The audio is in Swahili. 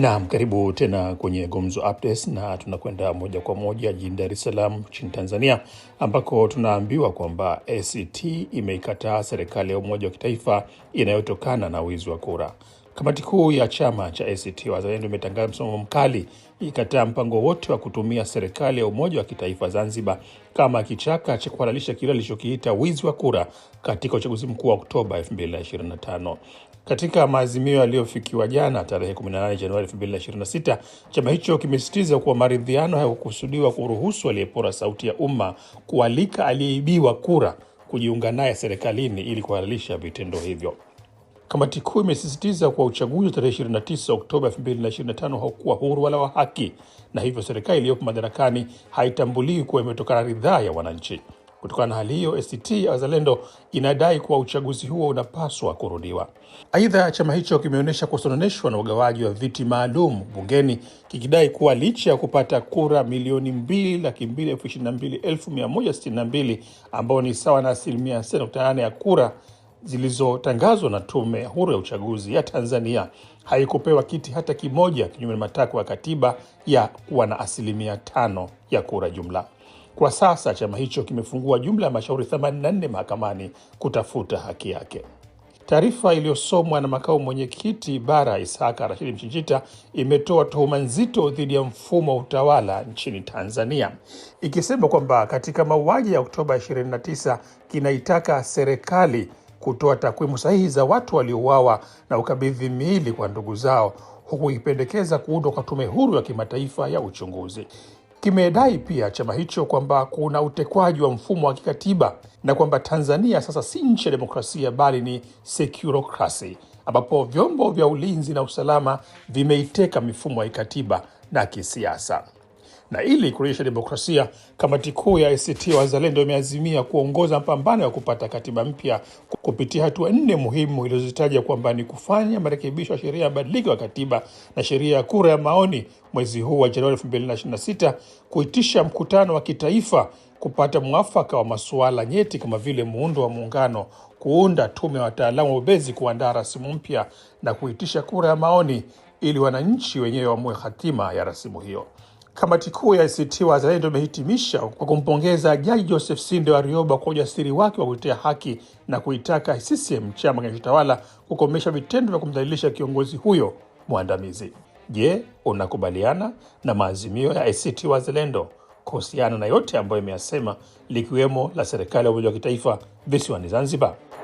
Naam, karibu tena kwenye Gumzo Updates na tunakwenda moja kwa moja jijini Dar es Salaam nchini Tanzania, ambako tunaambiwa kwamba ACT imeikataa serikali ya umoja wa kitaifa inayotokana na wizi wa kura. Kamati kuu ya chama cha ACT Wazalendo imetangaza msimamo mkali ikataa mpango wote wa kutumia serikali ya umoja wa kitaifa Zanzibar kama kichaka cha kuhalalisha kile alichokiita wizi wa kura katika uchaguzi mkuu wa Oktoba 2025. Katika maazimio yaliyofikiwa jana tarehe 18 Januari 2026, chama hicho kimesisitiza kuwa maridhiano hayakukusudiwa kuruhusu aliyepora sauti ya umma kualika aliyeibiwa kura kujiunga naye serikalini ili kuhalalisha vitendo hivyo. Kamati kuu imesisitiza kuwa uchaguzi wa tarehe 29 Oktoba 2025 haukuwa huru wala wa haki, na hivyo serikali iliyopo madarakani haitambuliwi kuwa imetokana ridhaa ya wananchi. Kutokana na hali hiyo, ACT ya Wazalendo inadai kuwa uchaguzi huo unapaswa kurudiwa. Aidha, chama hicho kimeonyesha kusononeshwa na ugawaji wa viti maalum bungeni kikidai kuwa licha ya kupata kura milioni mbili laki mbili elfu ishirini na mbili elfu mia moja sitini na mbili ambao ni sawa na asilimia sita nukta nane ya kura zilizotangazwa na Tume Huru ya Uchaguzi ya Tanzania haikupewa kiti hata kimoja, kinyume na matakwa ya katiba ya kuwa na asilimia tano ya kura jumla. Kwa sasa chama hicho kimefungua jumla ya mashauri 84 mahakamani kutafuta haki yake. Taarifa iliyosomwa na makamu mwenyekiti bara Isaka Rashidi Mchinjita imetoa tuhuma nzito dhidi ya mfumo wa utawala nchini Tanzania, ikisema kwamba katika mauaji ya Oktoba 29 kinaitaka serikali kutoa takwimu sahihi za watu waliouawa na ukabidhi miili kwa ndugu zao, huku ikipendekeza kuundwa kwa tume huru ya kimataifa ya uchunguzi kimedai pia chama hicho kwamba kuna utekwaji wa mfumo wa kikatiba na kwamba Tanzania sasa si nchi ya demokrasia bali ni sekurokrasi, ambapo vyombo vya ulinzi na usalama vimeiteka mifumo ya kikatiba na kisiasa na ili kurejesha demokrasia, kamati kuu ya ACT Wazalendo imeazimia kuongoza mpambano ya kupata katiba mpya kupitia hatua nne muhimu ilizozitaja kwamba ni kufanya marekebisho ya sheria ya badiliko ya katiba na sheria ya kura ya maoni mwezi huu wa Januari 2026, kuitisha mkutano wa kitaifa kupata mwafaka wa masuala nyeti kama vile muundo wa muungano, kuunda tume ya wataalamu wabobezi, kuandaa rasimu mpya na kuitisha kura ya maoni ili wananchi wenyewe waamue hatima ya rasimu hiyo. Kamati Kuu ya ACT Wazalendo imehitimisha kwa kumpongeza Jaji Joseph Sinde Warioba kwa ujasiri wake wa kutetea haki na kuitaka CCM chama kinachotawala kukomesha vitendo vya kumdhalilisha kiongozi huyo mwandamizi. Je, unakubaliana na maazimio ya ACT Wazalendo kuhusiana na yote ambayo imeyasema likiwemo la serikali ya umoja wa kitaifa visiwani Zanzibar?